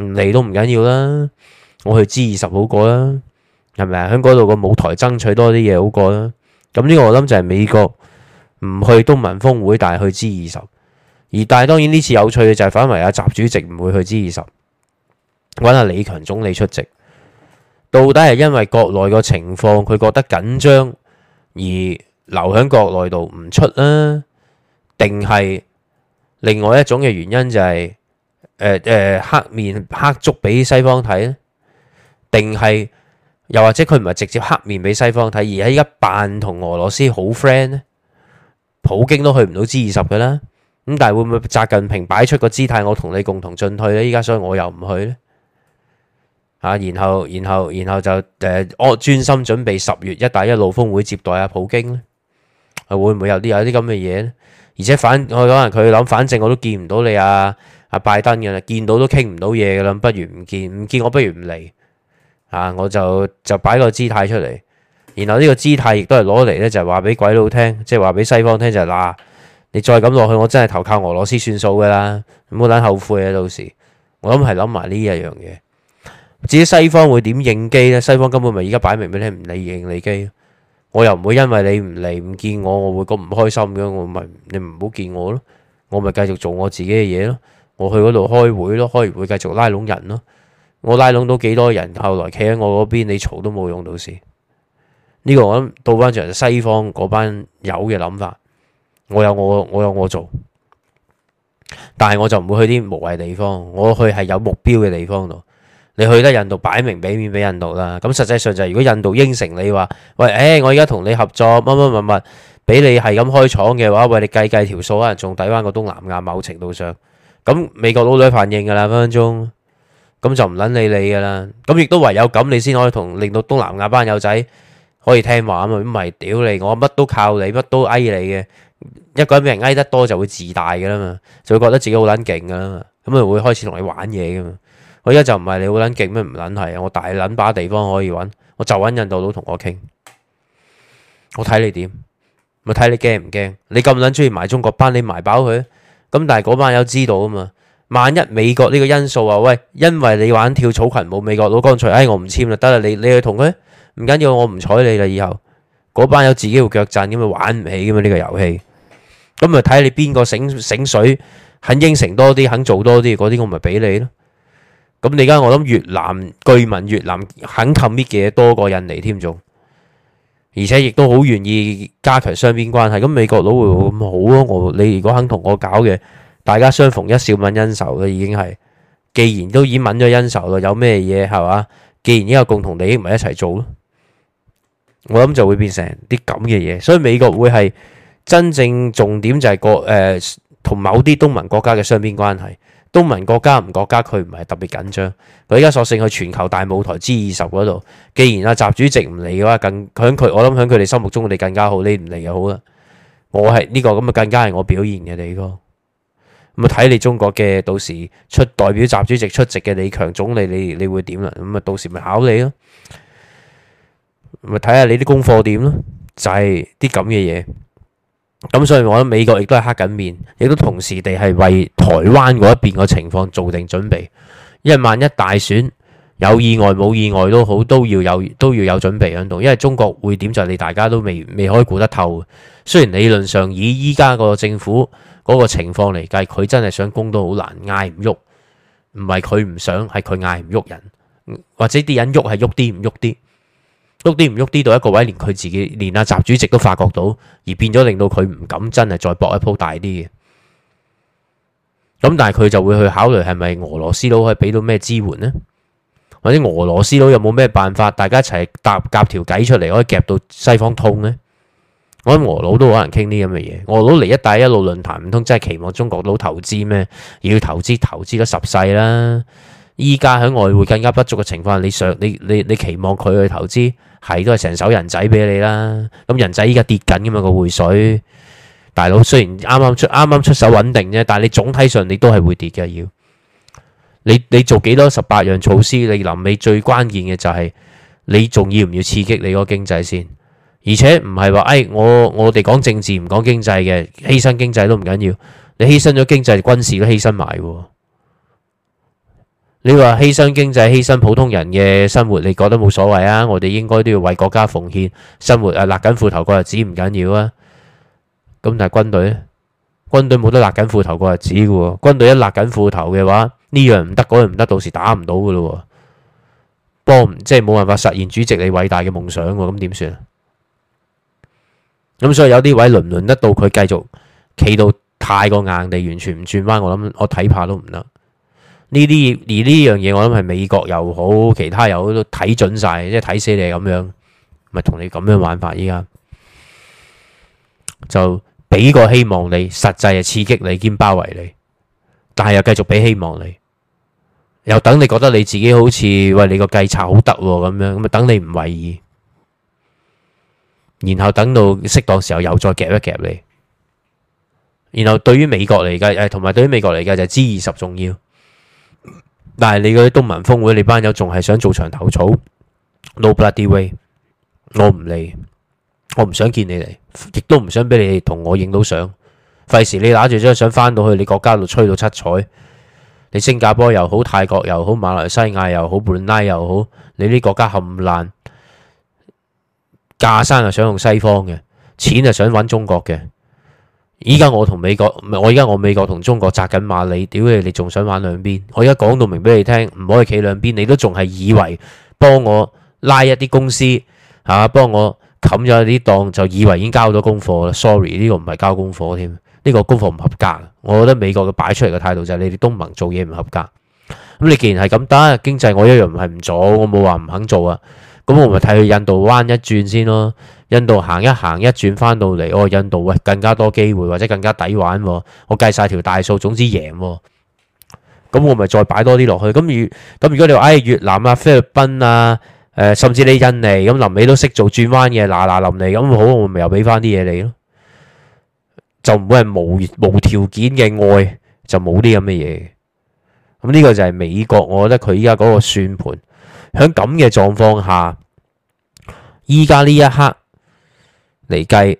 Speaker 1: 唔嚟都唔緊要啦，我去 G 二十好過啦，係咪啊？喺嗰度個舞台爭取多啲嘢好過啦。咁呢個我諗就係美國唔去東盟峰會，但係去 G 二十。而但係當然呢次有趣嘅就係反為阿習主席唔會去 G 二十，揾阿李強總理出席，到底係因為國內個情況佢覺得緊張而留喺國內度唔出啦，定係另外一種嘅原因就係、是？誒誒、呃，黑面黑足俾西方睇咧，定係又或者佢唔係直接黑面俾西方睇，而係依家扮同俄羅斯好 friend 咧，普京都去唔到 G 二十噶啦。咁但係會唔會習近平擺出個姿態，我同你共同進退呢？依家所以我又唔去咧。吓、啊，然後然後然後就誒、呃，我專心準備十月一帶一路峰會接待阿、啊、普京咧。會唔會有啲有啲咁嘅嘢咧？而且反我可能佢諗，反正我都見唔到你啊。拜登嘅啦，見到都傾唔到嘢嘅啦，不如唔見唔見，我不如唔嚟啊！我就就擺個姿態出嚟，然後呢個姿態亦都係攞嚟呢，就話、係、俾鬼佬聽，即係話俾西方聽，就嗱、係啊、你再咁落去，我真係投靠俄羅斯算數嘅啦，唔好撚後悔啊！到時我諗係諗埋呢一樣嘢，至於西方會點應機呢？西方根本咪依家擺明俾你聽唔理應你機，我又唔會因為你唔嚟唔見我，我會咁唔開心嘅。我咪你唔好見我咯，我咪繼續做我自己嘅嘢咯。我去嗰度開會咯，開完會繼續拉攏人咯。我拉攏到幾多人，後來企喺我嗰邊，你嘈都冇用到事。呢、這個我諗倒翻轉西方嗰班友嘅諗法，我有我，我有我做。但係我就唔會去啲無謂地方，我去係有目標嘅地方度。你去得印度擺明俾面俾印度啦。咁實際上就係如果印度應承你話，喂，誒、欸，我而家同你合作乜乜乜乜，俾你係咁開廠嘅話，喂，你計計條數可能仲抵翻個東南亞某程度上。咁美國佬女反應噶啦分分鐘，咁就唔撚理你噶啦，咁亦都唯有咁你先可以同令到東南亞班友仔可以聽話啊嘛，唔係屌你，我乜都靠你，乜都哎你嘅，一個人俾人哎得多就會自大噶啦嘛，就會覺得自己好撚勁噶啦嘛，咁啊會開始同你玩嘢噶嘛，我一就唔係你好撚勁咩？唔撚係啊，我大撚把地方可以搵，我就搵印度佬同我傾，我睇你點？我睇你驚唔驚？你咁撚中意埋中國班，你埋飽佢。咁但係嗰班友知道啊嘛？萬一美國呢個因素話喂，因為你玩跳草裙舞美國佬乾脆，哎我唔簽就得啦。你你去同佢唔緊要，我唔睬你啦。以後嗰班友自己條腳震咁咪玩唔起噶嘛？呢、呢個遊戲咁咪睇你邊個醒醒水肯應承多啲，肯做多啲嗰啲，我咪俾你咯。咁你而家我諗越南據聞越南肯 commit 嘅多過印尼添仲。而且亦都好願意加強雙邊關係，咁美國佬會唔會咁好咯，我你如果肯同我搞嘅，大家相逢一笑泯恩仇啦已經係，既然都已經泯咗恩仇啦，有咩嘢係嘛？既然呢個有共同利益，咪一齊做咯，我諗就會變成啲咁嘅嘢，所以美國會係真正重點就係國誒同、呃、某啲東盟國家嘅雙邊關係。東盟國家唔國家，佢唔係特別緊張。佢而家索性去全球大舞台之二十嗰度。既然阿習主席唔嚟嘅話，更響佢，我諗響佢哋心目中，你更加好。你唔嚟又好啦。我係呢、呢個咁啊，更加係我表現嘅你咯。咁啊，睇你中國嘅到時出代表習主席出席嘅李強總理，你你會點啦？咁啊，到時咪考你咯。咪睇下你啲功課點咯，就係啲咁嘅嘢。咁所以，我覺得美國亦都係黑緊面，亦都同時地係為台灣嗰一邊個情況做定準備。因為萬一大選有意外，冇意外都好，都要有都要有準備響度。因為中國會點就你大家都未未可以估得透。雖然理論上以依家個政府嗰個情況嚟計，佢真係想攻都好難，嗌唔喐。唔係佢唔想，係佢嗌唔喐人，或者啲人喐係喐啲唔喐啲。喐啲唔喐啲到一個位，連佢自己，連阿習主席都發覺到，而變咗令到佢唔敢真係再搏一鋪大啲嘅。咁但係佢就會去考慮係咪俄羅斯佬可以俾到咩支援呢？或者俄羅斯佬有冇咩辦法，大家一齊搭夾條計出嚟可以夾到西方通呢？我諗俄佬都可能傾啲咁嘅嘢。俄佬嚟一帶一路論壇唔通真係期望中國佬投資咩？要投資投資咗十世啦。依家喺外匯更加不足嘅情況，你上你你你期望佢去投資，係都係成手人仔俾你啦。咁人仔依家跌緊㗎嘛個匯水，大佬雖然啱啱出啱啱出手穩定啫，但係你總體上你都係會跌嘅。要你你做幾多十八樣措施，你臨尾最關鍵嘅就係你仲要唔要刺激你個經濟先？而且唔係話，哎，我我哋講政治唔講經濟嘅，犧牲經濟都唔緊要，你犧牲咗經濟，軍事都犧牲埋喎。你話犧牲經濟，犧牲普通人嘅生活，你覺得冇所謂啊？我哋應該都要為國家奉獻生活，啊，勒緊褲頭過日子唔緊要啊。咁但係軍隊，軍隊冇得勒緊褲頭過日子嘅，軍隊一勒緊褲頭嘅話，呢樣唔得，嗰樣唔得，到時打唔到嘅咯。幫即係冇辦法實現主席你偉大嘅夢想，咁點算啊？咁所以有啲位輪唔輪得到佢繼續企到太過硬地，完全唔轉彎，我諗我睇怕都唔得。呢啲而呢樣嘢，我諗係美國又好，其他又好都睇準晒，即係睇死你咁樣，咪同你咁樣玩法。依家就俾個希望你，實際係刺激你兼包圍你，但係又繼續俾希望你，又等你覺得你自己好似喂，你個計策好得喎咁樣，咁啊等你唔為意，然後等到適當時候又再夾一夾你，然後對於美國嚟計誒，同埋對於美國嚟計就係 G 二十重要。但係你嗰啲東民峰會，你班友仲係想做長頭草 n o bloody way，我唔理，我唔想見你嚟，亦都唔想俾你哋同我影到相，費事你拿住張相翻到去你國家度吹到七彩，你新加坡又好，泰國又好，馬來西亞又好，本拉又好，你啲國家冚爛，架山又想用西方嘅，錢又想搵中國嘅。依家我同美國唔係，我依家我美國同中國紮緊馬尾，屌你，你！你仲想玩兩邊？我而家講到明俾你聽，唔可以企兩邊，你都仲係以為幫我拉一啲公司嚇，幫我冚咗一啲檔，就以為已經交咗功課啦。Sorry，呢個唔係交功課添，呢、這個功課唔合格。我覺得美國嘅擺出嚟嘅態度就係你哋東盟做嘢唔合格。咁你既然係咁得經濟，我一樣唔係唔做，我冇話唔肯做啊。咁我咪睇去印度灣一轉先咯。印度行一行一轉翻到嚟，哦，印度啊、欸，更加多機會或者更加抵玩，我計晒條大數，總之贏，咁我咪再擺多啲落去。咁如咁如果你話，哎，越南啊、菲律賓啊，誒、呃，甚至你印尼，咁臨尾都識做轉彎嘅，嗱嗱臨嚟，咁好，我咪又俾翻啲嘢你咯。就唔會係無無條件嘅愛，就冇啲咁嘅嘢。咁呢個就係美國，我覺得佢依家嗰個算盤，喺咁嘅狀況下，依家呢一刻，嚟計，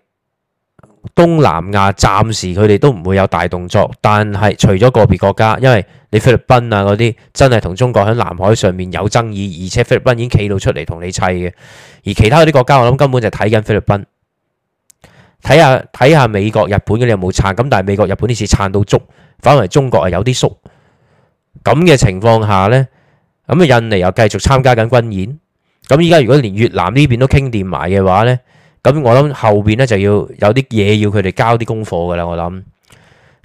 Speaker 1: 東南亞暫時佢哋都唔會有大動作，但係除咗個別國家，因為你菲律賓啊嗰啲真係同中國喺南海上面有爭議，而且菲律賓已經企到出嚟同你砌嘅，而其他嗰啲國家我諗根本就睇緊菲律賓，睇下睇下美國、日本嗰啲有冇撐，咁但係美國、日本呢次撐到足，反為中國係有啲縮，咁嘅情況下呢，咁啊印尼又繼續參加緊軍演，咁依家如果連越南呢邊都傾掂埋嘅話呢。咁我諗後邊咧，就要有啲嘢要佢哋交啲功課噶啦，我諗。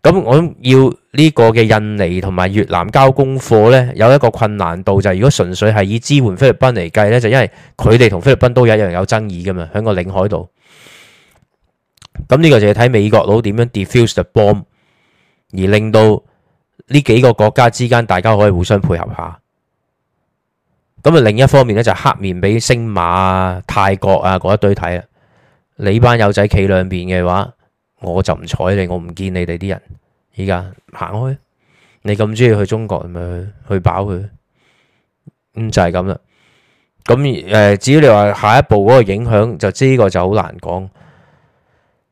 Speaker 1: 咁我諗要呢個嘅印尼同埋越南交功課咧，有一個困難度就係如果純粹係以支援菲律賓嚟計咧，就因為佢哋同菲律賓都有一樣有爭議噶嘛，喺個領海度。咁呢個就要睇美國佬點樣 defuse the bomb，而令到呢幾個國家之間大家可以互相配合下。咁啊另一方面咧，就黑面俾星馬、泰國啊嗰一堆睇啦。你班友仔企兩邊嘅話，我就唔睬你，我唔見你哋啲人。依家行開，你咁中意去中國，咪去去飽佢。嗯，就係咁啦。咁誒，至於你話下一步嗰個影響，就知呢個就好難講。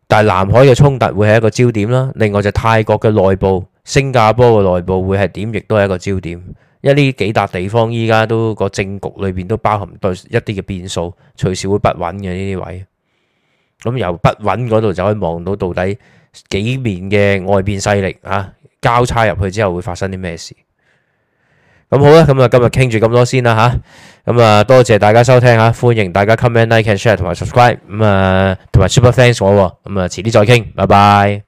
Speaker 1: 但係南海嘅衝突會係一個焦點啦。另外就泰國嘅內部、新加坡嘅內部會係點，亦都係一個焦點。因為呢幾笪地方依家都個政局裏邊都包含對一啲嘅變數，隨時會不穩嘅呢啲位。咁、嗯、由不穩嗰度就可以望到到底幾面嘅外邊勢力啊交叉入去之後會發生啲咩事？咁、啊、好啦，咁、嗯、啊今日傾住咁多先啦吓，咁啊多謝大家收聽吓、啊，歡迎大家 comment like and share 同埋 subscribe，咁啊同埋 super thanks 我，咁啊，啊遲啲再傾，拜拜。